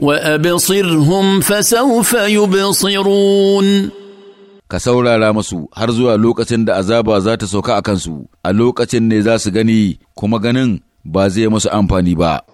Wa وأبصرهم فسوف يبصرون ka saurara masu har zuwa lokacin da azaba za ta sauka a kansu, a lokacin ne za su gani kuma ganin ba zai masu amfani ba.